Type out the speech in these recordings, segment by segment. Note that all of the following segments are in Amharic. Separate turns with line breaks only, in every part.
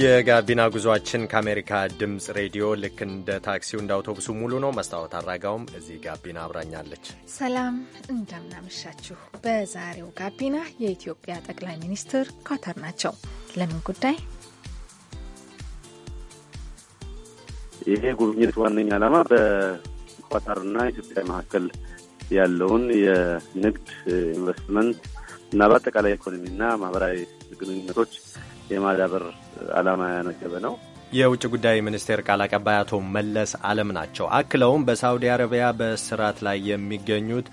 የጋቢና ጉዟችን ከአሜሪካ ድምፅ ሬዲዮ ልክ እንደ ታክሲው እንደ አውቶቡሱ ሙሉ ነው። መስታወት አድራጋውም እዚህ ጋቢና አብራኛለች።
ሰላም እንደምናመሻችሁ። በዛሬው ጋቢና የኢትዮጵያ ጠቅላይ ሚኒስትር ኳተር ናቸው። ለምን ጉዳይ?
ይሄ ጉብኝት ዋነኛ ዓላማ በኳታርና ኢትዮጵያ መካከል ያለውን የንግድ ኢንቨስትመንት እና በአጠቃላይ ኢኮኖሚና ማህበራዊ ግንኙነቶች የማዳበር ዓላማ ያነገበ ነው።
የውጭ ጉዳይ ሚኒስቴር ቃል አቀባይ አቶ መለስ አለም ናቸው። አክለውም በሳውዲ አረቢያ በእስራት ላይ የሚገኙት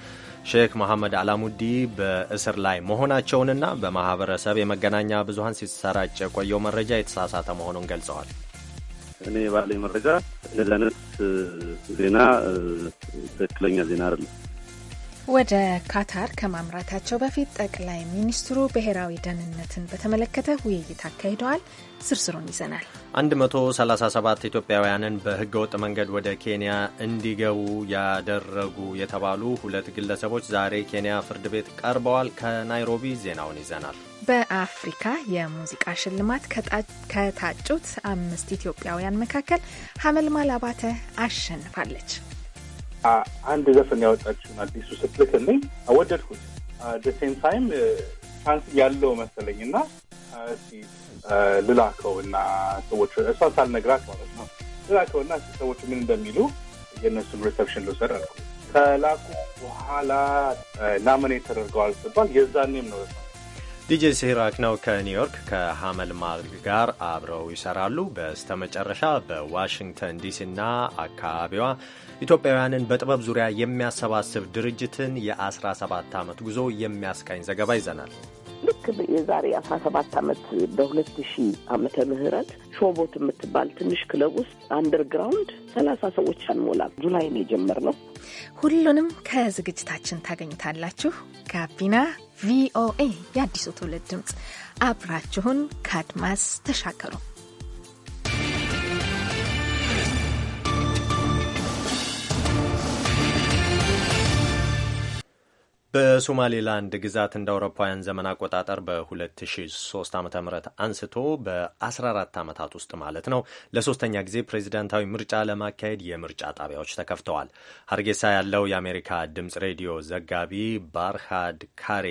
ሼክ መሐመድ አላሙዲ በእስር ላይ መሆናቸውንና በማህበረሰብ የመገናኛ ብዙኃን ሲሰራጭ የቆየው መረጃ የተሳሳተ መሆኑን ገልጸዋል። እኔ ባለኝ መረጃ
እንደዚህ አይነት ዜና ትክክለኛ ዜና አይደለም።
ወደ ካታር ከማምራታቸው በፊት ጠቅላይ ሚኒስትሩ ብሔራዊ ደህንነትን በተመለከተ ውይይት አካሂደዋል። ዝርዝሩን ይዘናል።
137 ኢትዮጵያውያንን በህገወጥ መንገድ ወደ ኬንያ እንዲገቡ ያደረጉ የተባሉ ሁለት ግለሰቦች ዛሬ ኬንያ ፍርድ ቤት ቀርበዋል። ከናይሮቢ ዜናውን ይዘናል።
በአፍሪካ የሙዚቃ ሽልማት ከታጩት አምስት ኢትዮጵያውያን መካከል ሀመልማል አባተ አሸንፋለች።
አንድ ዘፈን ያወጣችሁን አዲሱ ስትልክልኝ አወደድኩት። ደሴም ታይም ቻንስ ያለው መሰለኝ እና ልላከው እና ሰዎች እሷ ሳልነግራት ማለት ነው ልላከው እና ሰዎች ምን እንደሚሉ የእነሱን ሪሰፕሽን ልውሰድ አልኩ። ከላኩ በኋላ ናምኔት ተደርገዋል ስባል የዛኔም ነው
ዲጄ ሲራክ ነው ከኒውዮርክ ከሐመል ከሀመልማል ጋር አብረው ይሰራሉ። በስተመጨረሻ በዋሽንግተን ዲሲ እና አካባቢዋ ኢትዮጵያውያንን በጥበብ ዙሪያ የሚያሰባስብ ድርጅትን የ17 ዓመት ጉዞ የሚያስቃኝ ዘገባ ይዘናል።
ልክ የዛሬ 17 ዓመት በ 20 ዓመተ ምህረት ሾቦት የምትባል ትንሽ ክለብ ውስጥ አንደርግራውንድ 30 ሰዎች አንሞላም ጁላይ ነው የጀመርነው።
ሁሉንም ከዝግጅታችን ታገኙታላችሁ። ጋቢና ቪኦኤ የአዲሱ ትውልድ ድምፅ፣ አብራችሁን ከአድማስ ተሻገሩ።
በሶማሌላንድ ግዛት እንደ አውሮፓውያን ዘመን አቆጣጠር በ2003 ዓ ም አንስቶ በ14 ዓመታት ውስጥ ማለት ነው ለሶስተኛ ጊዜ ፕሬዚዳንታዊ ምርጫ ለማካሄድ የምርጫ ጣቢያዎች ተከፍተዋል። ሀርጌሳ ያለው የአሜሪካ ድምፅ ሬዲዮ ዘጋቢ ባርሃድ ካሬ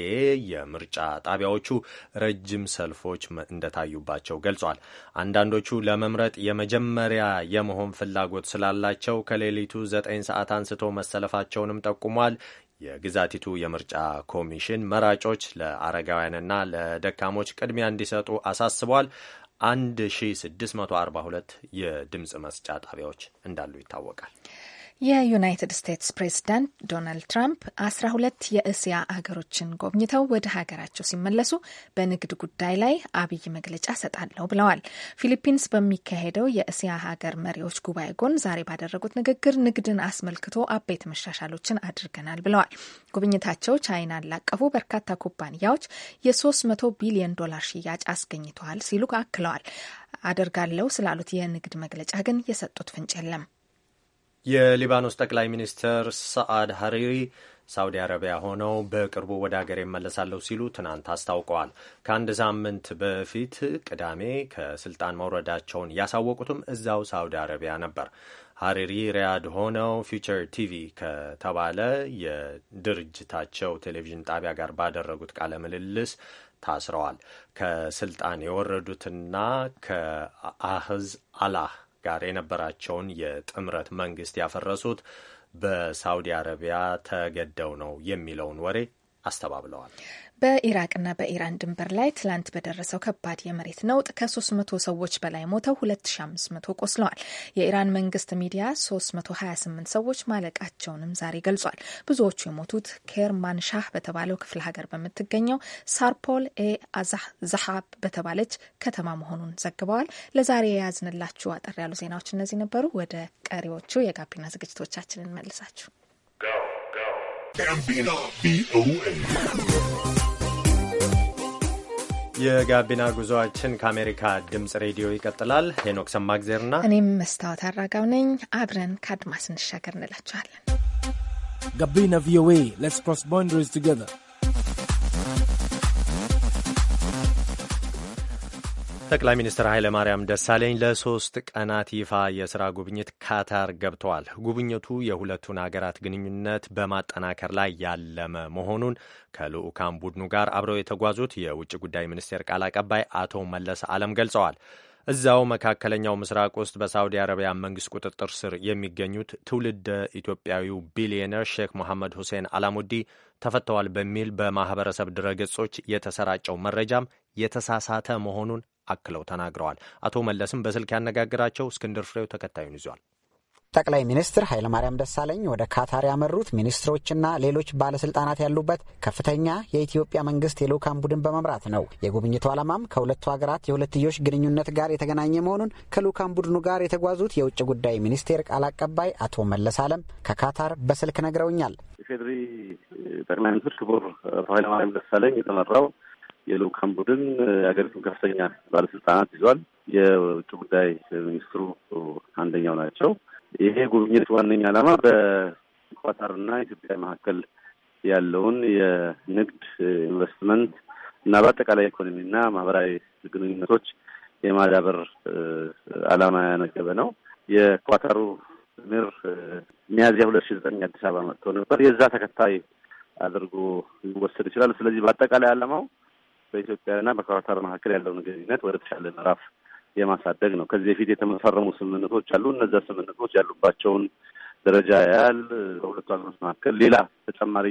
የምርጫ ጣቢያዎቹ ረጅም ሰልፎች እንደታዩባቸው ገልጿል። አንዳንዶቹ ለመምረጥ የመጀመሪያ የመሆን ፍላጎት ስላላቸው ከሌሊቱ 9 ሰዓት አንስቶ መሰለፋቸውንም ጠቁሟል። የግዛቲቱ የምርጫ ኮሚሽን መራጮች ለአረጋውያንና ለደካሞች ቅድሚያ እንዲሰጡ አሳስቧል። 1642 የድምፅ መስጫ ጣቢያዎች እንዳሉ ይታወቃል።
የዩናይትድ ስቴትስ ፕሬዝዳንት ዶናልድ ትራምፕ አስራ ሁለት የእስያ አገሮችን ጎብኝተው ወደ ሀገራቸው ሲመለሱ በንግድ ጉዳይ ላይ አብይ መግለጫ ሰጣለሁ ብለዋል። ፊሊፒንስ በሚካሄደው የእስያ ሀገር መሪዎች ጉባኤ ጎን ዛሬ ባደረጉት ንግግር ንግድን አስመልክቶ አበይት መሻሻሎችን አድርገናል ብለዋል። ጉብኝታቸው ቻይናን ላቀፉ በርካታ ኩባንያዎች የሶስት መቶ ቢሊዮን ዶላር ሽያጭ አስገኝተዋል ሲሉ አክለዋል። አደርጋለሁ ስላሉት የንግድ መግለጫ ግን የሰጡት ፍንጭ የለም።
የሊባኖስ ጠቅላይ ሚኒስትር ሰዓድ ሀሪሪ ሳውዲ አረቢያ ሆነው በቅርቡ ወደ ሀገር ይመለሳለሁ ሲሉ ትናንት አስታውቀዋል። ከአንድ ሳምንት በፊት ቅዳሜ ከስልጣን መውረዳቸውን ያሳወቁትም እዛው ሳውዲ አረቢያ ነበር። ሀሪሪ ሪያድ ሆነው ፊውቸር ቲቪ ከተባለ የድርጅታቸው ቴሌቪዥን ጣቢያ ጋር ባደረጉት ቃለ ምልልስ ታስረዋል። ከስልጣን የወረዱትና ከአህዝ አላህ ጋር የነበራቸውን የጥምረት መንግስት ያፈረሱት በሳውዲ አረቢያ ተገደው ነው የሚለውን ወሬ አስተባብለዋል።
በኢራቅና በኢራን ድንበር ላይ ትላንት በደረሰው ከባድ የመሬት ነውጥ ከ300 ሰዎች በላይ ሞተው 2500 ቆስለዋል። የኢራን መንግስት ሚዲያ 328 ሰዎች ማለቃቸውንም ዛሬ ገልጿል። ብዙዎቹ የሞቱት ኬርማን ሻህ በተባለው ክፍለ ሀገር በምትገኘው ሳርፖል ኤ ዛሃብ በተባለች ከተማ መሆኑን ዘግበዋል። ለዛሬ የያዝንላችሁ አጠር ያሉ ዜናዎች እነዚህ ነበሩ። ወደ ቀሪዎቹ የጋቢና ዝግጅቶቻችንን መልሳችሁ
የጋቢና ጉዞአችን ከአሜሪካ ድምፅ ሬዲዮ ይቀጥላል። ሄኖክ ሰማግዜርና እኔም
መስታወት አራጋው ነኝ። አብረን ከአድማስ እንሻገር እንላችኋለን።
ጋቢና ቪኦኤ ሌትስ ክሮስ ቦንደሪስ ቱጌዘር
ጠቅላይ ሚኒስትር ኃይለ ማርያም ደሳለኝ ለሶስት ቀናት ይፋ የሥራ ጉብኝት ካታር ገብተዋል። ጉብኝቱ የሁለቱን አገራት ግንኙነት በማጠናከር ላይ ያለመ መሆኑን ከልዑካን ቡድኑ ጋር አብረው የተጓዙት የውጭ ጉዳይ ሚኒስቴር ቃል አቀባይ አቶ መለስ አለም ገልጸዋል። እዚያው መካከለኛው ምስራቅ ውስጥ በሳዑዲ አረቢያ መንግስት ቁጥጥር ስር የሚገኙት ትውልደ ኢትዮጵያዊው ቢሊዮነር ሼክ መሐመድ ሁሴን አላሙዲ ተፈተዋል በሚል በማህበረሰብ ድረገጾች የተሰራጨው መረጃም የተሳሳተ መሆኑን አክለው ተናግረዋል። አቶ መለስም በስልክ ያነጋግራቸው እስክንድር ፍሬው ተከታዩን ይዟል።
ጠቅላይ ሚኒስትር ኃይለማርያም ደሳለኝ ወደ ካታር ያመሩት ሚኒስትሮችና ሌሎች ባለስልጣናት ያሉበት ከፍተኛ የኢትዮጵያ መንግስት የልዑካን ቡድን በመምራት ነው። የጉብኝቱ ዓላማም ከሁለቱ ሀገራት የሁለትዮሽ ግንኙነት ጋር የተገናኘ መሆኑን ከልዑካን ቡድኑ ጋር የተጓዙት የውጭ ጉዳይ ሚኒስቴር ቃል አቀባይ አቶ መለስ አለም ከካታር በስልክ ነግረውኛል።
ኢፌዴሪ ጠቅላይ ሚኒስትር ክቡር ኃይለማርያም ደሳለኝ የተመራው የልኡካን ቡድን የሀገሪቱን ከፍተኛ ባለስልጣናት ይዟል። የውጭ ጉዳይ ሚኒስትሩ አንደኛው ናቸው።
ይሄ ጉብኝት ዋነኛ ዓላማ
በኳታርና ኢትዮጵያ መካከል ያለውን የንግድ ኢንቨስትመንት እና በአጠቃላይ ኢኮኖሚና ማህበራዊ ግንኙነቶች የማዳበር ዓላማ ያነገበ ነው። የኳታሩ ምር ሚያዝያ ሁለት ሺ ዘጠኝ አዲስ አበባ መጥቶ ነበር። የዛ ተከታይ አድርጎ ሊወሰድ ይችላል። ስለዚህ በአጠቃላይ ዓላማው በኢትዮጵያና በኳታር መካከል ያለውን ግንኙነት ወደ ተሻለ ምዕራፍ የማሳደግ ነው። ከዚህ በፊት የተፈረሙ ስምምነቶች አሉ። እነዚ ስምምነቶች ያሉባቸውን ደረጃ ያህል በሁለቱ ሀገሮች መካከል ሌላ ተጨማሪ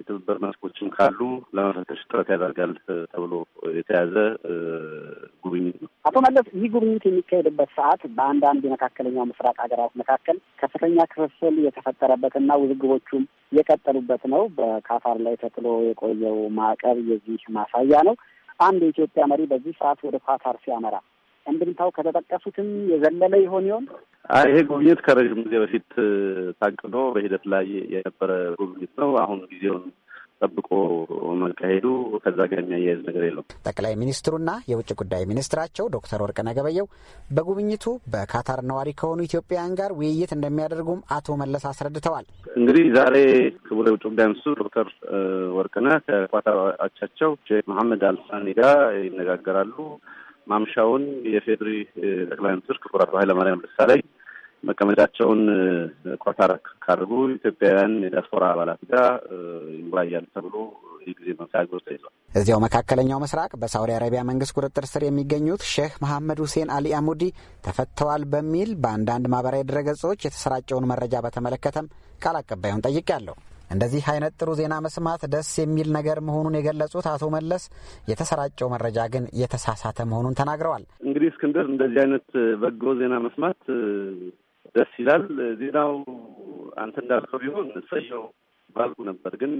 የትብብር መስኮችም ካሉ ለመፈተሽ ጥረት ያደርጋል ተብሎ የተያዘ ጉብኝት ነው።
አቶ መለስ፣ ይህ ጉብኝት የሚካሄድበት ሰዓት በአንዳንድ የመካከለኛው ምስራቅ ሀገራት መካከል ከፍተኛ ክፍፍል የተፈጠረበትና ውዝግቦቹም የቀጠሉበት ነው። በካታር ላይ ተጥሎ የቆየው ማዕቀብ የዚህ ማሳያ ነው። አንድ የኢትዮጵያ መሪ በዚህ ሰዓት ወደ ካታር ሲያመራ እንድምታው ከተጠቀሱትም የዘለለ ይሆን ይሆን?
ይሄ ጉብኝት ከረዥም ጊዜ በፊት ታቅዶ በሂደት ላይ የነበረ ጉብኝት ነው። አሁን ጊዜውን ጠብቆ መካሄዱ ከዛ ጋር የሚያያይዝ ነገር የለው።
ጠቅላይ ሚኒስትሩና የውጭ ጉዳይ ሚኒስትራቸው ዶክተር ወርቅነህ ገበየሁ በጉብኝቱ በካታር ነዋሪ ከሆኑ ኢትዮጵያውያን ጋር ውይይት እንደሚያደርጉም አቶ መለስ አስረድተዋል። እንግዲህ
ዛሬ ክቡር የውጭ ጉዳይ ሚኒስትሩ ዶክተር ወርቅነህ ከኳታር አቻቸው ሼክ መሐመድ አልሳኒ ጋር ይነጋገራሉ። ማምሻውን የፌዴሪ ጠቅላይ ሚኒስትር ክቡር አቶ ኃይለማርያም ደሳለኝ መቀመጫቸውን ኳታር ካድርጉ ኢትዮጵያውያን የዲያስፖራ አባላት ጋር ይወያያሉ ተብሎ የጊዜ መሳያ ተይዟል።
እዚያው መካከለኛው ምስራቅ በሳውዲ አረቢያ መንግስት ቁጥጥር ስር የሚገኙት ሼህ መሐመድ ሁሴን አሊ አሙዲ ተፈተዋል በሚል በአንዳንድ ማህበራዊ ድረገጾች የተሰራጨውን መረጃ በተመለከተም ቃል አቀባዩን ጠይቄያለሁ። እንደዚህ አይነት ጥሩ ዜና መስማት ደስ የሚል ነገር መሆኑን የገለጹት አቶ መለስ የተሰራጨው መረጃ ግን የተሳሳተ መሆኑን ተናግረዋል።
እንግዲህ እስክንድር እንደዚህ አይነት በጎ ዜና መስማት ደስ ይላል። ዜናው አንተ እንዳልከው ቢሆን ሰየው ባልኩ ነበር። ግን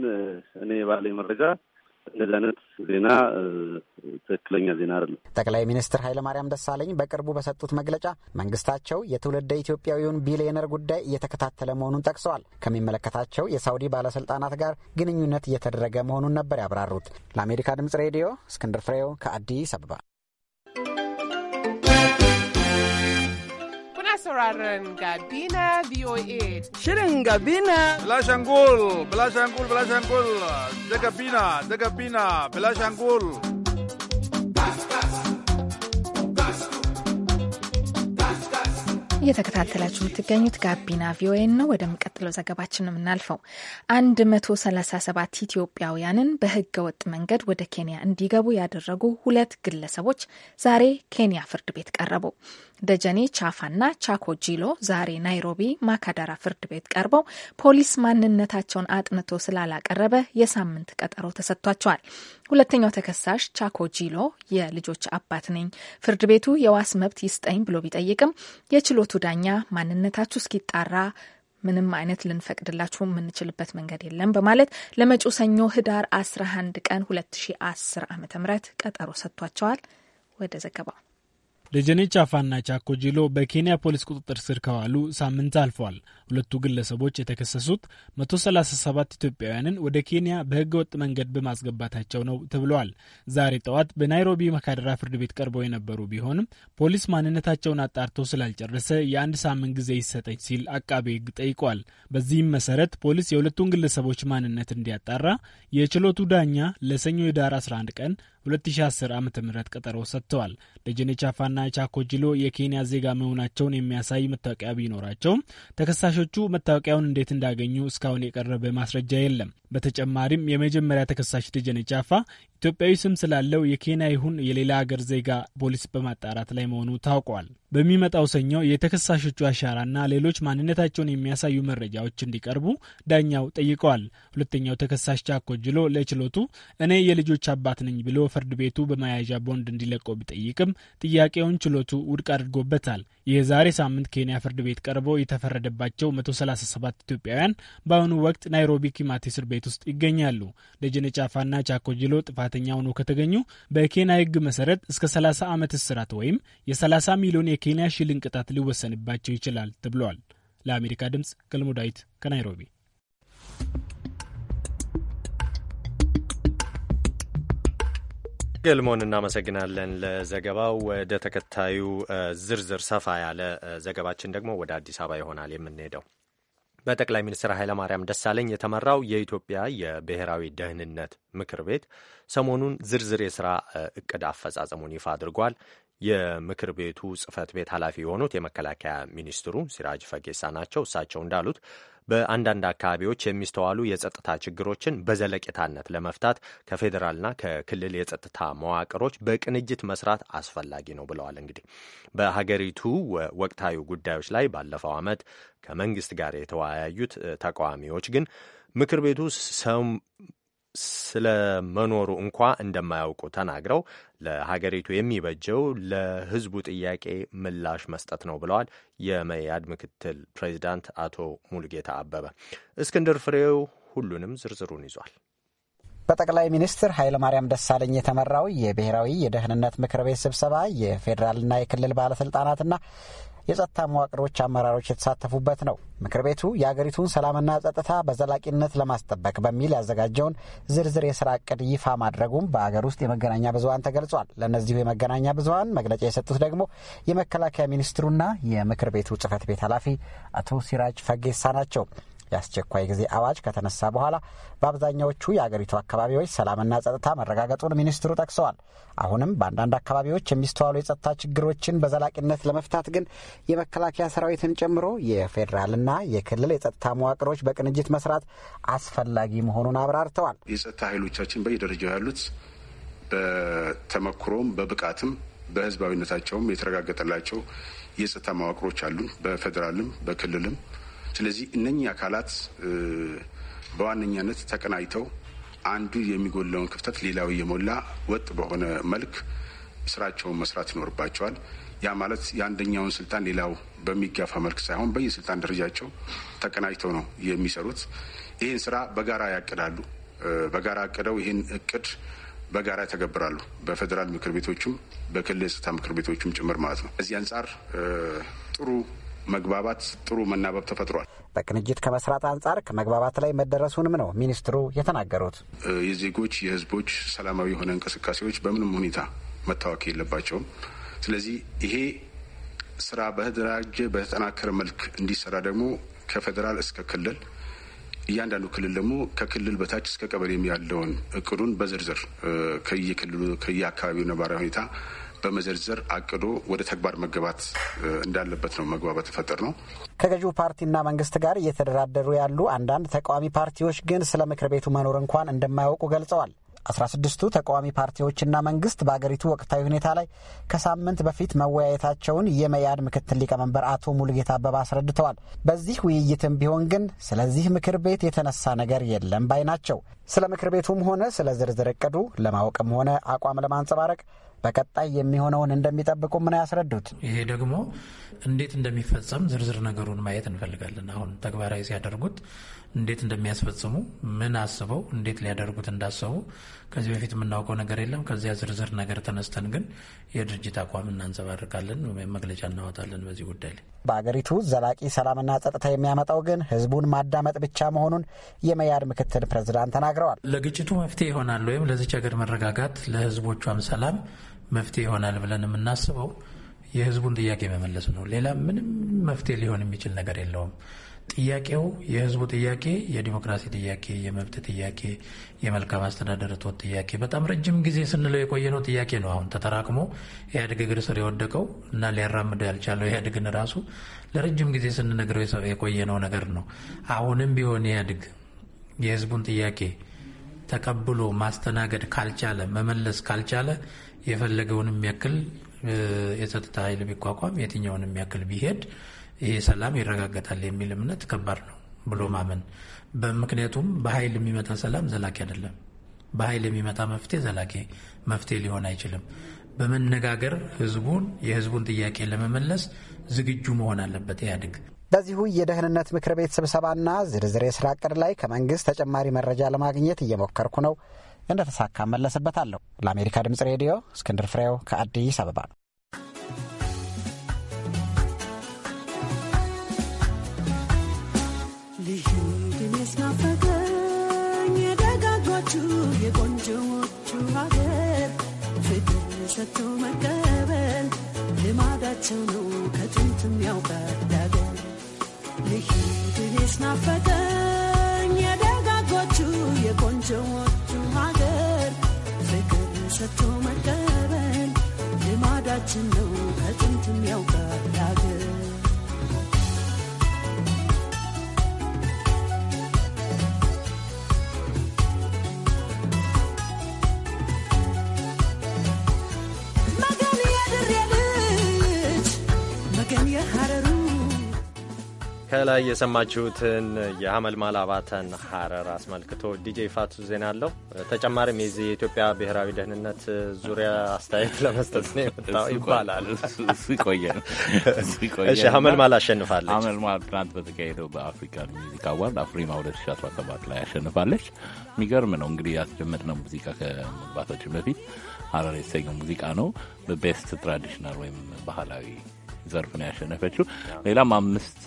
እኔ ባለኝ መረጃ እንደዚህ አይነት ዜና ትክክለኛ ዜና አይደለም። ጠቅላይ
ሚኒስትር ኃይለማርያም ደሳለኝ በቅርቡ በሰጡት መግለጫ መንግስታቸው የትውልደ ኢትዮጵያዊውን ቢሊዮነር ጉዳይ እየተከታተለ መሆኑን ጠቅሰዋል። ከሚመለከታቸው የሳውዲ ባለስልጣናት ጋር ግንኙነት እየተደረገ መሆኑን ነበር ያብራሩት። ለአሜሪካ ድምጽ ሬዲዮ እስክንድር ፍሬው ከአዲስ አበባ sauraron Gabina VOA.
Shirin Gabina. Bilashangul, Bilashangul, Bilashangul. De Gabina, De Gabina, Bilashangul.
እየተከታተላችሁ የምትገኙት ጋቢና ቪኦኤን ነው። ወደ ወደሚቀጥለው ዘገባችን ነው የምናልፈው። 137 ኢትዮጵያውያንን በህገ ወጥ መንገድ ወደ ኬንያ እንዲገቡ ያደረጉ ሁለት ግለሰቦች ዛሬ ኬንያ ፍርድ ቤት ቀረቡ። ደጀኔ ቻፋና ቻኮ ጂሎ ዛሬ ናይሮቢ ማካዳራ ፍርድ ቤት ቀርበው ፖሊስ ማንነታቸውን አጥንቶ ስላላቀረበ የሳምንት ቀጠሮ ተሰጥቷቸዋል። ሁለተኛው ተከሳሽ ቻኮ ጂሎ የልጆች አባት ነኝ፣ ፍርድ ቤቱ የዋስ መብት ይስጠኝ ብሎ ቢጠይቅም የችሎቱ ዳኛ ማንነታችሁ እስኪጣራ ምንም አይነት ልንፈቅድላችሁ የምንችልበት መንገድ የለም በማለት ለመጪው ሰኞ ህዳር 11 ቀን 2010 ዓ ም ቀጠሮ ሰጥቷቸዋል። ወደ ዘገባው
ደጀኔ አፋና ቻኮ ጂሎ በኬንያ ፖሊስ ቁጥጥር ስር ከዋሉ ሳምንት አልፏል። ሁለቱ ግለሰቦች የተከሰሱት 137 ኢትዮጵያውያንን ወደ ኬንያ በህገ ወጥ መንገድ በማስገባታቸው ነው ተብለዋል። ዛሬ ጠዋት በናይሮቢ መካደራ ፍርድ ቤት ቀርበው የነበሩ ቢሆንም ፖሊስ ማንነታቸውን አጣርቶ ስላልጨረሰ የአንድ ሳምንት ጊዜ ይሰጠኝ ሲል አቃቤ ሕግ ጠይቋል። በዚህም መሰረት ፖሊስ የሁለቱን ግለሰቦች ማንነት እንዲያጣራ የችሎቱ ዳኛ ለሰኞ የዳር 11 ቀን 2010 ዓ ም ቀጠሮ ሰጥተዋል። ደጀኔ ቻፋና ቻኮጅሎ ጅሎ የኬንያ ዜጋ መሆናቸውን የሚያሳይ መታወቂያ ቢኖራቸውም ተከሳሾቹ መታወቂያውን እንዴት እንዳገኙ እስካሁን የቀረበ ማስረጃ የለም። በተጨማሪም የመጀመሪያ ተከሳሽ ደጀኔ ጫፋ ኢትዮጵያዊ ስም ስላለው የኬንያ ይሁን የሌላ አገር ዜጋ ፖሊስ በማጣራት ላይ መሆኑ ታውቋል። በሚመጣው ሰኞ የተከሳሾቹ አሻራና ሌሎች ማንነታቸውን የሚያሳዩ መረጃዎች እንዲቀርቡ ዳኛው ጠይቀዋል። ሁለተኛው ተከሳሽ ቻኮ ጅሎ ለችሎቱ እኔ የልጆች አባት ነኝ ብሎ ፍርድ ቤቱ በመያዣ ቦንድ እንዲለቀው ቢጠይቅም ጥያቄውን ችሎቱ ውድቅ አድርጎበታል። የዛሬ ሳምንት ኬንያ ፍርድ ቤት ቀርበው የተፈረደባቸው 137 ኢትዮጵያውያን በአሁኑ ወቅት ናይሮቢ ኪማቴ እስር ቤት ውስጥ ይገኛሉ። ደጀኔ ጫፋና ቻኮጅሎ ጥፋተኛ ሆኖ ከተገኙ በኬንያ ሕግ መሰረት እስከ 30 ዓመት እስራት ወይም የ30 ሚሊዮን የኬንያ ሽልን ቅጣት ሊወሰንባቸው ይችላል ተብሏል። ለአሜሪካ ድምጽ ገልሞ ዳዊት ከናይሮቢ
ገልሞን እናመሰግናለን ለዘገባው። ወደ ተከታዩ ዝርዝር ሰፋ ያለ ዘገባችን ደግሞ ወደ አዲስ አበባ ይሆናል የምንሄደው። በጠቅላይ ሚኒስትር ኃይለማርያም ደሳለኝ የተመራው የኢትዮጵያ የብሔራዊ ደህንነት ምክር ቤት ሰሞኑን ዝርዝር የስራ እቅድ አፈጻጸሙን ይፋ አድርጓል። የምክር ቤቱ ጽህፈት ቤት ኃላፊ የሆኑት የመከላከያ ሚኒስትሩ ሲራጅ ፈጌሳ ናቸው። እሳቸው እንዳሉት በአንዳንድ አካባቢዎች የሚስተዋሉ የጸጥታ ችግሮችን በዘለቄታነት ለመፍታት ከፌዴራልና ከክልል የጸጥታ መዋቅሮች በቅንጅት መስራት አስፈላጊ ነው ብለዋል። እንግዲህ በሀገሪቱ ወቅታዊ ጉዳዮች ላይ ባለፈው ዓመት ከመንግስት ጋር የተወያዩት ተቃዋሚዎች ግን ምክር ቤቱ ስለመኖሩ እንኳ እንደማያውቁ ተናግረው ለሀገሪቱ የሚበጀው ለህዝቡ ጥያቄ ምላሽ መስጠት ነው ብለዋል የመያድ ምክትል ፕሬዚዳንት አቶ ሙሉጌታ አበበ። እስክንድር ፍሬው ሁሉንም ዝርዝሩን ይዟል።
በጠቅላይ ሚኒስትር ኃይለማርያም ደሳለኝ የተመራው የብሔራዊ የደህንነት ምክር ቤት ስብሰባ የፌዴራልና የክልል ባለስልጣናትና የጸጥታ መዋቅሮች አመራሮች የተሳተፉበት ነው። ምክር ቤቱ የአገሪቱን ሰላምና ጸጥታ በዘላቂነት ለማስጠበቅ በሚል ያዘጋጀውን ዝርዝር የስራ እቅድ ይፋ ማድረጉም በአገር ውስጥ የመገናኛ ብዙሀን ተገልጿል። ለእነዚሁ የመገናኛ ብዙሀን መግለጫ የሰጡት ደግሞ የመከላከያ ሚኒስትሩና የምክር ቤቱ ጽህፈት ቤት ኃላፊ አቶ ሲራጅ ፈጌሳ ናቸው። የአስቸኳይ ጊዜ አዋጅ ከተነሳ በኋላ በአብዛኛዎቹ የአገሪቱ አካባቢዎች ሰላምና ጸጥታ መረጋገጡን ሚኒስትሩ ጠቅሰዋል። አሁንም በአንዳንድ አካባቢዎች የሚስተዋሉ የጸጥታ ችግሮችን በዘላቂነት ለመፍታት ግን የመከላከያ ሰራዊትን ጨምሮ የፌዴራልና የክልል የጸጥታ መዋቅሮች በቅንጅት መስራት አስፈላጊ መሆኑን አብራርተዋል።
የጸጥታ ኃይሎቻችን በየደረጃው ያሉት በተመክሮም በብቃትም በህዝባዊነታቸውም የተረጋገጠላቸው የጸጥታ መዋቅሮች አሉን። በፌዴራልም በክልልም ስለዚህ እነኚህ አካላት በዋነኛነት ተቀናይተው አንዱ የሚጎለውን ክፍተት ሌላው የሞላ ወጥ በሆነ መልክ ስራቸውን መስራት ይኖርባቸዋል። ያ ማለት የአንደኛውን ስልጣን ሌላው በሚጋፋ መልክ ሳይሆን በየስልጣን ደረጃቸው ተቀናጅተው ነው የሚሰሩት። ይህን ስራ በጋራ ያቅዳሉ። በጋራ አቅደው ይህን እቅድ በጋራ ይተገብራሉ። በፌዴራል ምክር ቤቶችም በክልል ጸጥታ ምክር ቤቶችም ጭምር ማለት ነው። ከዚህ አንጻር ጥሩ መግባባት፣ ጥሩ መናበብ
ተፈጥሯል። በቅንጅት ከመስራት አንጻር ከመግባባት ላይ መደረሱንም ነው ሚኒስትሩ የተናገሩት።
የዜጎች የህዝቦች ሰላማዊ የሆነ እንቅስቃሴዎች በምንም ሁኔታ መታወክ የለባቸውም። ስለዚህ ይሄ ስራ በተደራጀ በተጠናከረ መልክ እንዲሰራ ደግሞ ከፌዴራል እስከ ክልል እያንዳንዱ ክልል ደግሞ ከክልል በታች እስከ ቀበሌም ያለውን እቅዱን በዝርዝር ከየክልሉ ከየአካባቢው ነባራዊ ሁኔታ በመዘርዘር አቅዶ ወደ ተግባር መገባት እንዳለበት ነው መግባባት የፈጠር ነው።
ከገዢው ፓርቲና መንግስት ጋር እየተደራደሩ ያሉ አንዳንድ ተቃዋሚ ፓርቲዎች ግን ስለ ምክር ቤቱ መኖር እንኳን እንደማያውቁ ገልጸዋል። አስራ ስድስቱ ተቃዋሚ ፓርቲዎችና መንግስት በአገሪቱ ወቅታዊ ሁኔታ ላይ ከሳምንት በፊት መወያየታቸውን የመያድ ምክትል ሊቀመንበር አቶ ሙሉጌታ አበባ አስረድተዋል። በዚህ ውይይትም ቢሆን ግን ስለዚህ ምክር ቤት የተነሳ ነገር የለም ባይ ናቸው። ስለ ምክር ቤቱም ሆነ ስለ ዝርዝር እቅዱ ለማወቅም ሆነ አቋም ለማንጸባረቅ በቀጣይ የሚሆነውን እንደሚጠብቁ ነው ያስረዱት።
ይሄ ደግሞ እንዴት እንደሚፈጸም ዝርዝር ነገሩን ማየት እንፈልጋለን። አሁን ተግባራዊ ሲያደርጉት እንዴት እንደሚያስፈጽሙ ምን አስበው እንዴት ሊያደርጉት እንዳሰቡ ከዚህ በፊት የምናውቀው ነገር የለም። ከዚያ ዝርዝር ነገር ተነስተን ግን የድርጅት አቋም እናንጸባርቃለን ወይም መግለጫ እናወጣለን በዚህ ጉዳይ ላይ።
በአገሪቱ ዘላቂ ሰላምና ጸጥታ የሚያመጣው ግን ህዝቡን ማዳመጥ ብቻ መሆኑን የመያድ ምክትል ፕሬዝዳንት ተናግረዋል።
ለግጭቱ መፍትሄ ይሆናል ወይም ለዚች ሀገር መረጋጋት ለህዝቦቿም ሰላም መፍትሄ ይሆናል ብለን የምናስበው የህዝቡን ጥያቄ መመለስ ነው። ሌላ ምንም መፍትሄ ሊሆን የሚችል ነገር የለውም። ጥያቄው የህዝቡ ጥያቄ የዲሞክራሲ ጥያቄ፣ የመብት ጥያቄ፣ የመልካም አስተዳደር እጦት ጥያቄ በጣም ረጅም ጊዜ ስንለው የቆየነው ጥያቄ ነው። አሁን ተጠራቅሞ ኢህአዴግ እግር ስር የወደቀው እና ሊያራምድ ያልቻለው ኢህአዴግን ራሱ ለረጅም ጊዜ ስንነግረው የቆየነው ነገር ነው። አሁንም ቢሆን ኢህአዴግ የህዝቡን ጥያቄ ተቀብሎ ማስተናገድ ካልቻለ፣ መመለስ ካልቻለ የፈለገውንም ያክል የጸጥታ ኃይል ቢቋቋም የትኛውንም ያክል ቢሄድ ይሄ ሰላም ይረጋገጣል የሚል እምነት ከባድ ነው ብሎ ማመን። ምክንያቱም በኃይል የሚመጣ ሰላም ዘላቂ አይደለም። በኃይል የሚመጣ መፍትሄ ዘላቂ መፍትሄ ሊሆን አይችልም። በመነጋገር ህዝቡን የህዝቡን ጥያቄ ለመመለስ ዝግጁ መሆን አለበት ኢህአዴግ።
በዚሁ የደህንነት ምክር ቤት ስብሰባና ዝርዝር የስራ እቅድ ላይ ከመንግስት ተጨማሪ መረጃ ለማግኘት እየሞከርኩ ነው። እንደተሳካ መለስበታለሁ። ለአሜሪካ ድምጽ ሬዲዮ እስክንድር ፍሬው ከአዲስ አበባ።
የቆንጆዎቹ ሰጥቶ መቀበል ልማዳቸው ነው ከጥንትም ያውቃል ዳገር ልሂድ እኔስ ናፈቀኝ የደጋጎቹ የቆንጆ ሰጥቶ መቀበል ልማዳችን ነው ከጥንትም ያውቃል ያገር
ከላይ የሰማችሁትን የሀመልማል አባተን ሀረር አስመልክቶ ዲጄ ፋቱ ዜና አለው። ተጨማሪም የዚህ የኢትዮጵያ ብሔራዊ ደህንነት ዙሪያ አስተያየት ለመስጠት ነው የመጣው ይባላል። እሺ ሀመልማል አሸንፋለች። ሀመልማል ትናንት
በተካሄደው በአፍሪካ ሙዚቃ ዋርድ አፍሪማ 2017 ላይ አሸንፋለች። የሚገርም ነው እንግዲህ ያስደመጥነው ሙዚቃ ከመግባታችን በፊት ሀረር የተሰኘው ሙዚቃ ነው። በቤስት
ትራዲሽናል ወይም ባህላዊ
ዘርፍ ነው ያሸነፈችው። ሌላም አምስት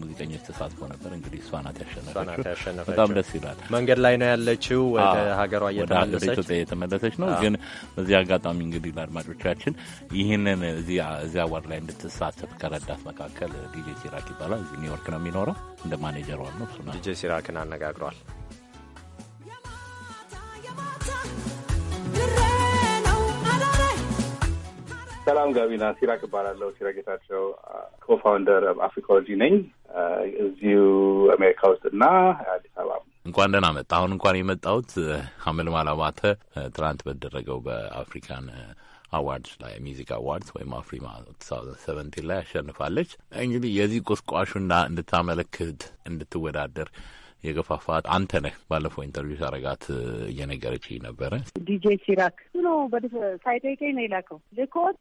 ሙዚቀኞች ተሳትፎ ነበር። እንግዲህ እሷ ናት ያሸነፈችው። በጣም ደስ ይላል።
መንገድ ላይ ነው ያለችው፣ ወደ ሀገሯ ኢትዮጵያ
የተመለሰች ነው። ግን በዚህ አጋጣሚ እንግዲህ ለአድማጮቻችን ይህንን እዚህ አዋርድ ላይ እንድትሳተፍ ከረዳት መካከል ዲጄ ሲራክ ይባላል። እዚህ ኒውዮርክ ነው የሚኖረው።
እንደ ማኔጀር ዋል ነው ዲጄ ሲራክን አነጋግሯል።
ሰላም ጋቢና ሲራቅ እባላለሁ። ሲራቅ ጌታቸው ኮፋውንደር አፍሪኮሎጂ ነኝ እዚሁ አሜሪካ ውስጥ እና አዲስ አበባ።
እንኳን ደህና መጣ። አሁን እንኳን የመጣሁት ሀመልማል አባተ ትናንት በደረገው በአፍሪካን አዋርድስ ላይ ሚዚክ አዋርድስ ወይም አፍሪማ ሰቨንቲን ላይ አሸንፋለች። እንግዲህ የዚህ ቁስቋሹና እንድታመለክት እንድትወዳደር የገፋፋት አንተ ነህ። ባለፈው ኢንተርቪው ሳረጋት እየነገረች ነበረ።
ዲጄ
ሲራክ
ብሎ ሳይጠይቀኝ ነው የላከው። ልኮት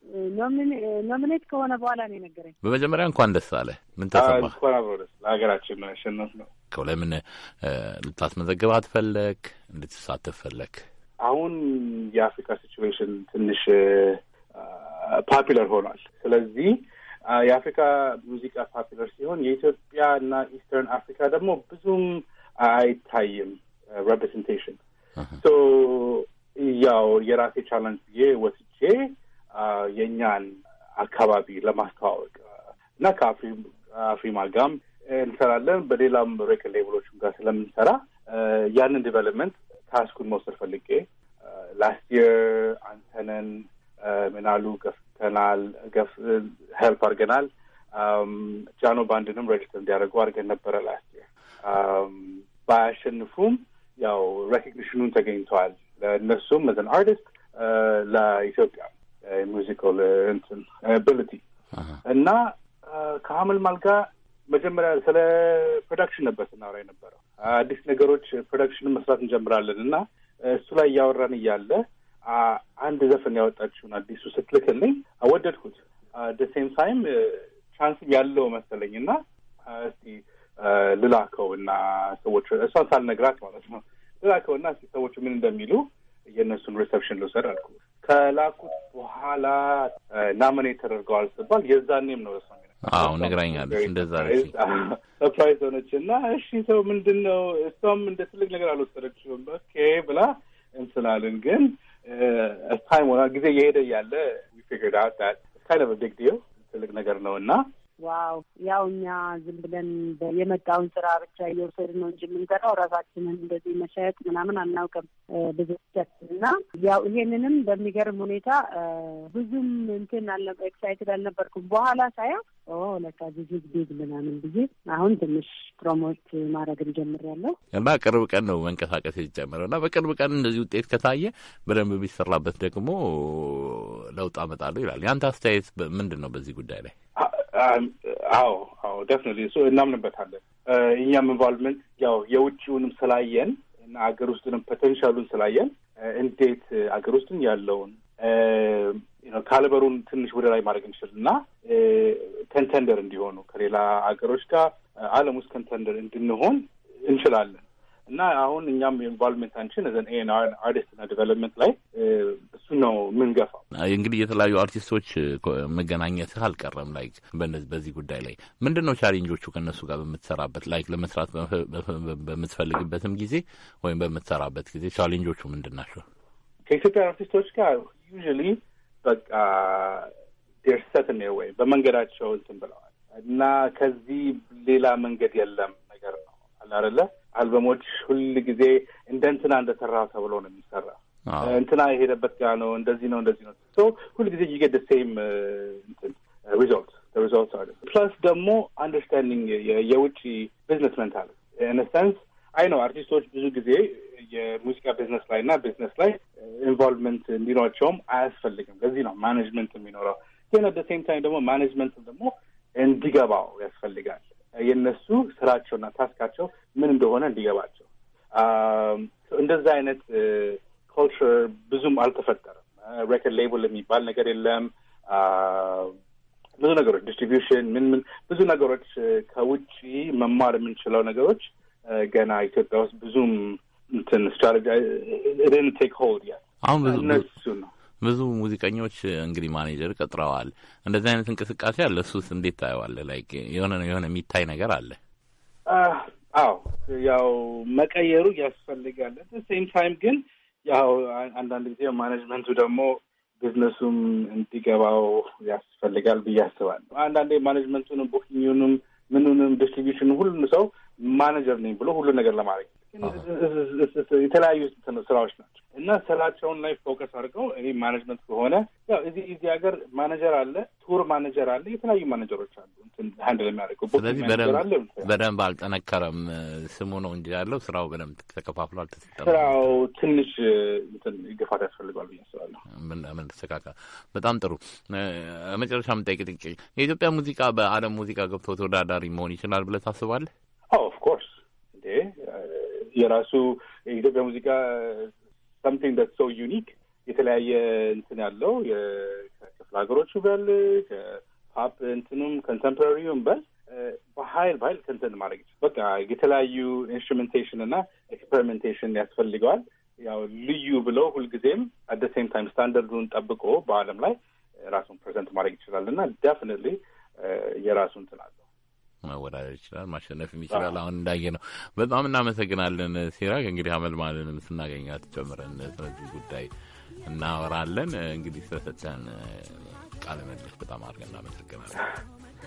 ኖሚኔት ከሆነ በኋላ ነው የነገረኝ።
በመጀመሪያ እንኳን ደስ አለ። ምን ተሰማ?
እንኳን ነው ደስ ለሀገራችን መሸነፍ ነው።
ለምን ልታስመዘግብ አትፈለግ? እንድትሳተፍ
ፈለግ? አሁን የአፍሪካ ሲቹዌሽን ትንሽ ፓፒለር ሆኗል። ስለዚህ የአፍሪካ ሙዚቃ ፓፒለር ሲሆን የኢትዮጵያ እና ኢስተርን አፍሪካ ደግሞ ብዙም አይታይም ሬፕሬዘንቴሽን ሶ ያው የራሴ ቻለንጅ ብዬ ወስጄ የእኛን አካባቢ ለማስተዋወቅ እና ከአፍሪማ ጋም እንሰራለን በሌላም ሬክል ሌብሎችም ጋር ስለምንሰራ ያንን ዲቨሎፕመንት ታስኩን መውሰድ ፈልጌ ላስት የር አንተነን ምናሉ ገፍተናል ገፍ ሄልፕ አድርገናል ጃኖ ባንድንም ሬጅስተር እንዲያደርጉ አድርገን ነበረ ላስት የር ባያሸንፉም ያው ሬኮግኒሽኑን ተገኝተዋል። ለእነሱም ዘን አርቲስት ለኢትዮጵያ ሙዚካል እንትን አቢሊቲ እና ከሀምል ማልጋ መጀመሪያ ስለ ፕሮዳክሽን ነበር ስናወራ የነበረው። አዲስ ነገሮች ፕሮዳክሽን መስራት እንጀምራለን እና እሱ ላይ እያወራን እያለ አንድ ዘፈን ያወጣችውን አዲሱ ስትልክልኝ አወደድኩት። ደሴም ታይም ቻንስ ያለው መሰለኝ እና እስቲ ልላከው እና ሰዎች እሷን ሳልነግራት ማለት ነው ልላከው እና ሰዎች ምን እንደሚሉ የእነሱን ሪሰፕሽን ልውሰድ አልኩ። ከላኩት በኋላ ናመኔ ተደርገዋል ስባል የዛኔም ነው እሷ
አዎ ነግራኛለች። እንደዛ
ሰፕራይዝ ሆነች እና እሺ ሰው ምንድን ነው እሷም እንደ ትልቅ ነገር አልወሰደችም። ኦኬ ብላ እንስላልን ግን ታይም ሆና ጊዜ እየሄደ እያለ ፊግርድ አውት ዳት ካይንድ ቢግ ዲል ትልቅ ነገር ነው እና
ዋው ያው እኛ ዝም ብለን የመጣውን ስራ ብቻ እየወሰድ ነው እንጂ የምንሰራው ራሳችንን እንደዚህ መሸጥ ምናምን አናውቅም ብዙዎቻችን እና ያው ይሄንንም በሚገርም ሁኔታ ብዙም እንትን አለ ኤክሳይትድ አልነበርኩም። በኋላ ሳየው ለካ ቪዚት ቤግ ምናምን ብዬ አሁን ትንሽ
ፕሮሞት ማድረግን ጀምሬያለሁ።
ቅርብ ቀን ነው መንቀሳቀስ የተጀመረው እና በቅርብ ቀን እንደዚህ ውጤት ከታየ በደንብ የሚሰራበት ደግሞ ለውጥ አመጣለሁ ይላል። ያንተ አስተያየት ምንድን ነው በዚህ ጉዳይ ላይ?
አዎ አዎ ደፍነ እሱ እናምንበታለን። እኛም ኢንቫልቭመንት ያው የውጭውንም ስላየን እና አገር ውስጥንም ፖቴንሻሉን ስላየን እንዴት አገር ውስጥን ያለውን ካልበሩን ትንሽ ወደ ላይ ማድረግ እንችል እና ከንተንደር እንዲሆኑ ከሌላ አገሮች ጋር ዓለም ውስጥ ከንተንደር እንድንሆን እንችላለን። እና አሁን እኛም ኢንቫልቭመንታችን ዘን ኤንአር አርቲስት እና ዲቨሎፕመንት ላይ እሱ ነው የምንገፋው።
እንግዲህ የተለያዩ አርቲስቶች መገናኘትህ አልቀረም። ላይ በዚህ ጉዳይ ላይ ምንድን ነው ቻሌንጆቹ ከእነሱ ጋር በምትሰራበት ላይ ለመስራት በምትፈልግበትም ጊዜ ወይም በምትሰራበት ጊዜ ቻሌንጆቹ ምንድን ናቸው?
ከኢትዮጵያ አርቲስቶች ጋር ዩዥሊ በቃ ደርሰት ነው ወይ በመንገዳቸው እንትን ብለዋል እና ከዚህ ሌላ መንገድ የለም ነገር ነው አላረለ አልበሞች ሁል ጊዜ እንደ እንትና እንደሰራ ተብሎ ነው የሚሰራ። እንትና የሄደበት ጋ ነው እንደዚህ ነው እንደዚህ ነው ሰው ሁል ጊዜ ይገደ ሴም ሪዞልት ሪዞልት አለ። ፕላስ ደግሞ አንደርስታንዲንግ የውጭ ቢዝነስ መንታል ኢንስተንስ አይ ነው አርቲስቶች ብዙ ጊዜ የሙዚቃ ቢዝነስ ላይ እና ቢዝነስ ላይ ኢንቮልቭመንት እንዲኖቸውም አያስፈልግም። ከዚህ ነው ማኔጅመንት የሚኖረው። ግን አደ ሴም ታይም ደግሞ ማኔጅመንት ደግሞ እንዲገባው ያስፈልጋል። የነሱ ስራቸውና ታስካቸው ምን እንደሆነ እንዲገባቸው እንደዛ አይነት ኮልቸር ብዙም አልተፈጠረም። ሬከርድ ሌብል የሚባል ነገር የለም። ብዙ ነገሮች ዲስትሪቢሽን ምን ምን ብዙ ነገሮች ከውጭ መማር የምንችለው ነገሮች ገና ኢትዮጵያ ውስጥ ብዙም እንትን ስትራቴጂ ቴክ ሆልድ ያ እነሱ
ነው ብዙ ሙዚቀኞች እንግዲህ ማኔጀር ቀጥረዋል። እንደዚህ አይነት እንቅስቃሴ አለ። እሱስ እንዴት ታየዋለህ? ላይክ የሆነ የሆነ የሚታይ ነገር አለ።
አዎ ያው መቀየሩ ያስፈልጋል። ሴም ታይም ግን ያው አንዳንድ ጊዜ ማኔጅመንቱ ደግሞ ቢዝነሱም እንዲገባው ያስፈልጋል ብዬ አስባለሁ። አንዳንዴ ማኔጅመንቱንም ቡኪንግንም ምኑንም ዲስትሪቢሽን ሁሉም ሰው ማኔጀር ነኝ ብሎ ሁሉ ነገር ለማድረግ የተለያዩ ስራዎች ናቸው እና ስራቸውን ላይ ፎከስ አድርገው ይህ ማኔጅመንት ከሆነ ያው እዚህ እዚህ ሀገር ማኔጀር አለ፣ ቱር ማኔጀር አለ፣ የተለያዩ ማኔጀሮች አሉ ሀንድ ለሚያደርገው። ስለዚህ በደንብ
አልጠነከረም ስሙ ነው እንጂ ያለው ስራው በደንብ ተከፋፍሎ አልተሰጠም። ስራው
ትንሽ ግፋት ያስፈልገዋል ብዬ አስባለሁ።
ምን ተስተካከለ። በጣም ጥሩ። መጨረሻ የምጠይቅ ጥያቄ የኢትዮጵያ ሙዚቃ በዓለም ሙዚቃ ገብቶ ተወዳዳሪ መሆን ይችላል ብለህ ታስባለህ?
ኦፍኮርስ የራሱ የኢትዮጵያ ሙዚቃ ሳምቲንግ ዳት ሶ ዩኒክ የተለያየ እንትን ያለው ከክፍለ ሀገሮቹ በል ከፓፕ እንትኑም ኮንተምፖራሪውም በል በሀይል በሀይል ከንትን ማድረግ በቃ የተለያዩ ኢንስትሩሜንቴሽን እና ኤክስፐሪሜንቴሽን ያስፈልገዋል። ያው ልዩ ብለው ሁልጊዜም አደ ሴም ታይም ስታንደርዱን ጠብቆ በዓለም ላይ ራሱን ፕሬዘንት ማድረግ ይችላል እና ደፍኒትሊ የራሱ እንትን
መወዳደር ይችላል፣ ማሸነፍም ይችላል። አሁን እንዳየ ነው። በጣም እናመሰግናለን ሲራክ። እንግዲህ አመልማልንም ስናገኛት ጨምረን ስለዚህ ጉዳይ እናወራለን። እንግዲህ ስለሰጠን ቃለ መልስ
በጣም አድርገን እናመሰግናለን። አመሰግናለን።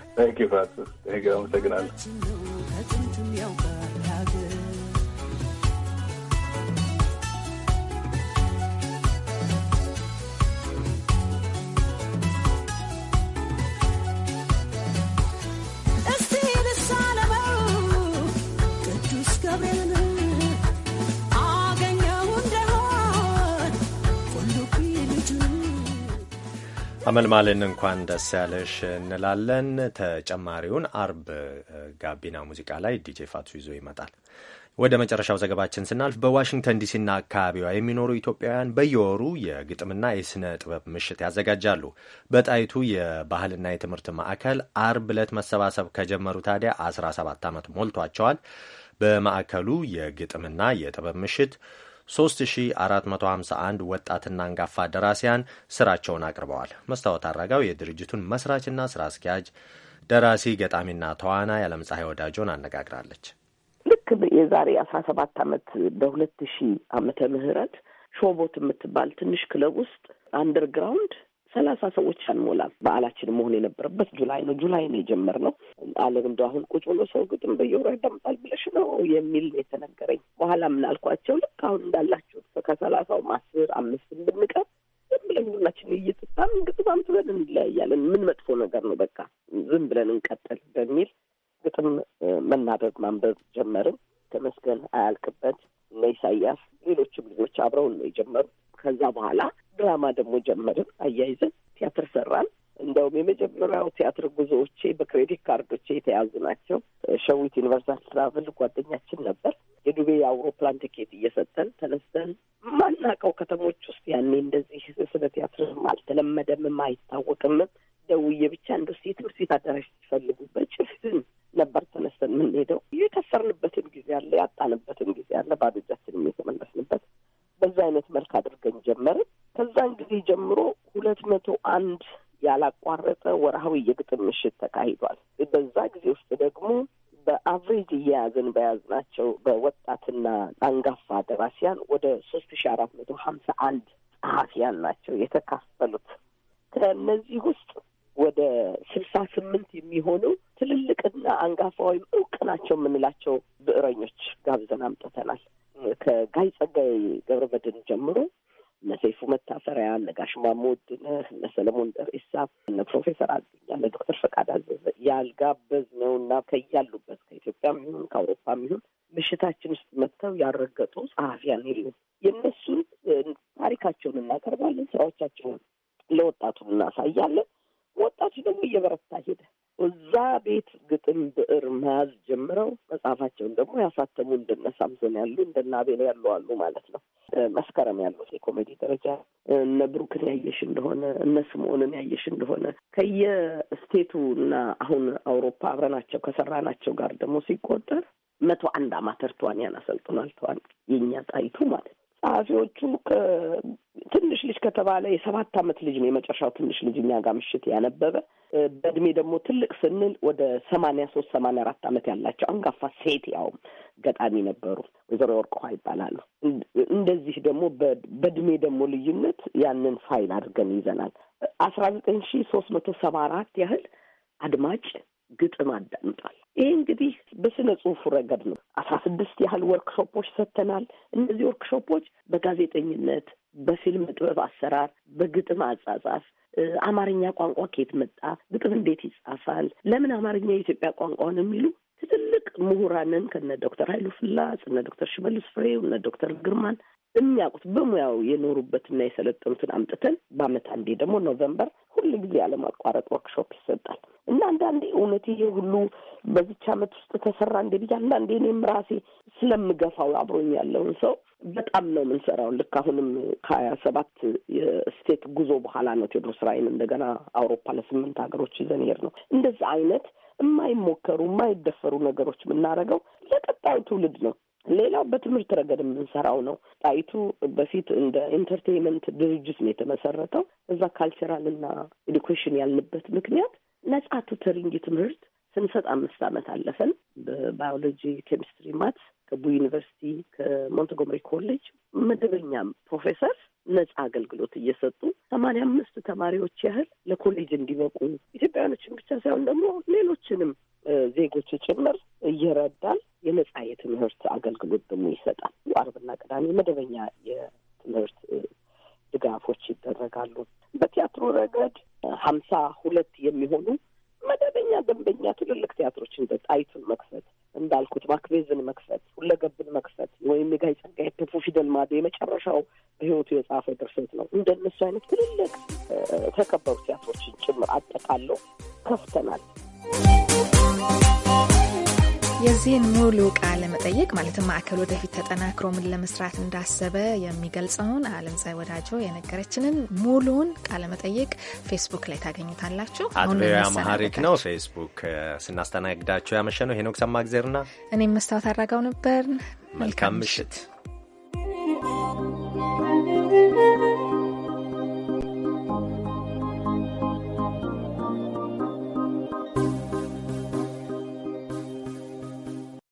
አመልማልን እንኳን ደስ ያለሽ እንላለን። ተጨማሪውን አርብ ጋቢና ሙዚቃ ላይ ዲጄ ፋቱ ይዞ ይመጣል። ወደ መጨረሻው ዘገባችን ስናልፍ በዋሽንግተን ዲሲና አካባቢዋ የሚኖሩ ኢትዮጵያውያን በየወሩ የግጥምና የሥነ ጥበብ ምሽት ያዘጋጃሉ። በጣይቱ የባህልና የትምህርት ማዕከል አርብ ዕለት መሰባሰብ ከጀመሩ ታዲያ 17 ዓመት ሞልቷቸዋል። በማዕከሉ የግጥምና የጥበብ ምሽት 3451 ወጣትና አንጋፋ ደራሲያን ስራቸውን አቅርበዋል። መስታወት አራጋው የድርጅቱን መስራችና ስራ አስኪያጅ ደራሲ ገጣሚና ተዋናይ አለምፀሐይ ወዳጆን አነጋግራለች።
ልክ የዛሬ አስራ ሰባት አመት በሁለት ሺህ አመተ ምህረት ሾቦት የምትባል ትንሽ ክለብ ውስጥ አንደርግራውንድ ሰላሳ ሰዎች አንሞላም። በዓላችን መሆን የነበረበት ጁላይ ነው። ጁላይ ነው የጀመርነው። አለም እንደ አሁን ቁጭ ብሎ ሰው ግጥም በየወሩ ያዳምጣል ብለሽ ነው የሚል የተነገረኝ። በኋላ ምናልኳቸው ልክ አሁን እንዳላችሁ ከሰላሳው አስር አምስት ብንቀር ዝም ብለን ሁላችን እየጠጣም ግጥም አንብበን እንለያያለን። ምን መጥፎ ነገር ነው? በቃ ዝም ብለን እንቀጥል በሚል ግጥም መናበብ ማንበብ ጀመርን። ተመስገን አያልቅበት እነ ኢሳያስ ሌሎችም ልጆች አብረውን ነው የጀመሩት። ከዛ በኋላ ድራማ ደግሞ ጀመርን። ዩኒቨርሳል ትራቭል ጓደኛችን ነበር። የዱቤ የአውሮፕላን ትኬት እየሰጠን ተነስተን ማናቀው ከተሞች ውስጥ ያኔ እንደዚህ ስለ ቲያትርም አልተለመደምም አይታወቅምም። ደውዬ ብቻ እንደ የትምህርት ቤት አዳራሽ ሲፈልጉ በጭፍን ነበር ተነስተን የምንሄደው። የከሰርንበትም ጊዜ አለ፣ ያጣንበትም ጊዜ አለ፣ ባዶ እጃችንም የተመለስንበት በዛ አይነት መልክ አድርገን ጀመርን። ከዛን ጊዜ ጀምሮ ሁለት መቶ አንድ ያላቋረጠ ወርሃዊ የግጥም ምሽት ተካሂዷል። በዛ ጊዜ ውስጥ ደግሞ አቨሬጅ እየያዝን በያዝናቸው በወጣትና አንጋፋ ደራሲያን ወደ ሶስት ሺ አራት መቶ ሀምሳ አንድ ጸሐፊያን ናቸው የተካፈሉት። ከእነዚህ ውስጥ ወደ ስልሳ ስምንት የሚሆኑ ትልልቅና አንጋፋ ወይም እውቅ ናቸው የምንላቸው ብዕረኞች ጋብዘን አምጥተናል። ከጋይ ጸጋይ ገብረ መድኅን ጀምሮ ለሰይፉ መታፈሪያ፣ ለጋሽ ማሞ ለሰለሞን ደሬሳ፣ ለፕሮፌሰር አዝኛ፣ ለዶክተር ፈቃድ አዘዘ ያልጋበዝ ነው እና ከያሉበት ከኢትዮጵያ ይሁን ከአውሮፓ ይሁን ምሽታችን ውስጥ መጥተው ያልረገጡ ጸሐፊያን የሉም። የእነሱን ታሪካቸውን እናቀርባለን፣ ስራዎቻቸውን ለወጣቱ እናሳያለን። ወጣቱ ደግሞ እየበረታ ሄደ። እዛ ቤት ግጥም ብዕር መያዝ ጀምረው መጽሐፋቸውን ደግሞ ያሳተሙ እንደነ ሳምሶን ያሉ እንደነ አቤል ያሉ አሉ ማለት ነው። መስከረም ያሉት የኮሜዲ ደረጃ እነ ብሩክን ያየሽ እንደሆነ እነ ስምዖንን ያየሽ እንደሆነ ከየስቴቱ እና አሁን አውሮፓ አብረናቸው ከሰራናቸው ጋር ደግሞ ሲቆጠር መቶ አንድ አማተር ተዋንያን አሰልጥኗል። ተዋን የእኛ ጣይቱ ማለት ነው። ጸሐፊዎቹ ትንሽ ልጅ ከተባለ የሰባት ዓመት ልጅ ነው የመጨረሻው ትንሽ ልጅ እኛ ጋር ምሽት ያነበበ። በእድሜ ደግሞ ትልቅ ስንል ወደ ሰማንያ ሶስት ሰማንያ አራት ዓመት ያላቸው አንጋፋ ሴት ያውም ገጣሚ ነበሩ፣ ወይዘሮ ወርቅ ውሃ ይባላሉ። እንደዚህ ደግሞ በእድሜ ደግሞ ልዩነት ያንን ፋይል አድርገን ይዘናል። አስራ ዘጠኝ ሺ ሶስት መቶ ሰባ አራት ያህል አድማጭ ግጥም አዳምጣል። ይህ እንግዲህ በስነ ጽሁፉ ረገድ ነው። አስራ ስድስት ያህል ወርክሾፖች ሰጥተናል። እነዚህ ወርክሾፖች በጋዜጠኝነት፣ በፊልም ጥበብ አሰራር፣ በግጥም አጻጻፍ አማርኛ ቋንቋ ከየት መጣ፣ ግጥም እንዴት ይጻፋል፣ ለምን አማርኛ የኢትዮጵያ ቋንቋውን የሚሉ ትልልቅ ምሁራንን ከነ ዶክተር ኃይሉ ፍላጽ እነ ዶክተር ሽመልስ ፍሬው እነ ዶክተር ግርማን የሚያውቁት በሙያው የኖሩበትና የሰለጠኑትን አምጥተን በአመት አንዴ ደግሞ ኖቨምበር ሁሉ ጊዜ ያለማቋረጥ ወርክሾፕ ይሰጣል። እና አንዳንዴ እውነት ይሄ ሁሉ በዚች አመት ውስጥ ተሰራ እንደ ብዬ አንዳንዴ እኔም ራሴ ስለምገፋው አብሮኝ ያለውን ሰው በጣም ነው የምንሰራው። ልክ አሁንም ከሀያ ሰባት የስቴት ጉዞ በኋላ ነው ቴዎድሮስ ራይን እንደገና አውሮፓ ለስምንት ሀገሮች ይዘን ሄድ ነው። እንደዚ አይነት የማይሞከሩ የማይደፈሩ ነገሮች የምናደርገው ለቀጣዩ ትውልድ ነው። ሌላው በትምህርት ረገድ የምንሰራው ነው። ጣይቱ በፊት እንደ ኢንተርቴንመንት ድርጅት ነው የተመሰረተው። እዛ ካልቸራል እና ኤዱኬሽን ያልንበት ምክንያት ነጻ ቱተሪንግ ትምህርት ስንሰጥ አምስት ዓመት አለፈን። በባዮሎጂ፣ ኬሚስትሪ፣ ማት ከቡ ዩኒቨርሲቲ ከሞንትጎመሪ ኮሌጅ መደበኛ ፕሮፌሰር ነጻ አገልግሎት እየሰጡ ሰማንያ አምስት ተማሪዎች ያህል ለኮሌጅ እንዲበቁ ኢትዮጵያውያኖችን ብቻ ሳይሆን ደግሞ ሌሎችንም ዜጎች ጭምር እየረዳል። የነጻ የትምህርት አገልግሎት ደግሞ ይሰጣል። አርብና ቅዳሜ መደበኛ የትምህርት ድጋፎች ይደረጋሉ። በቲያትሩ ረገድ ሀምሳ ሁለት የሚሆኑ መደበኛ ደንበኛ ትልልቅ ቲያትሮች እንደ ጣይቱን መክፈት እንዳልኩት ማክቤዝን መክፈት፣ ሁለገብን መክፈት ወይም የጋይ ጸጋዬ ፊደል ማዶ የመጨረሻው በህይወቱ የጻፈ ድርሰት ነው። እንደነሱ አይነት ትልልቅ ተከበሩ ቲያትሮችን ጭምር አጠቃለው ከፍተናል።
የዚህን ሙሉ ቃለ መጠይቅ ማለትም ማዕከል ወደፊት ተጠናክሮ ምን ለመስራት እንዳሰበ የሚገልጸውን አለም ፀሐይ ወዳጆ የነገረችንን ሙሉውን ቃለ መጠይቅ ፌስቡክ ላይ ታገኙታላችሁ። አድሬ ማሀሪክ ነው
ፌስቡክ ስናስተናግዳቸው ነው። ሄኖክ ሰማግዜርና
እኔም መስታወት አድራጋው ነበር።
መልካም ምሽት።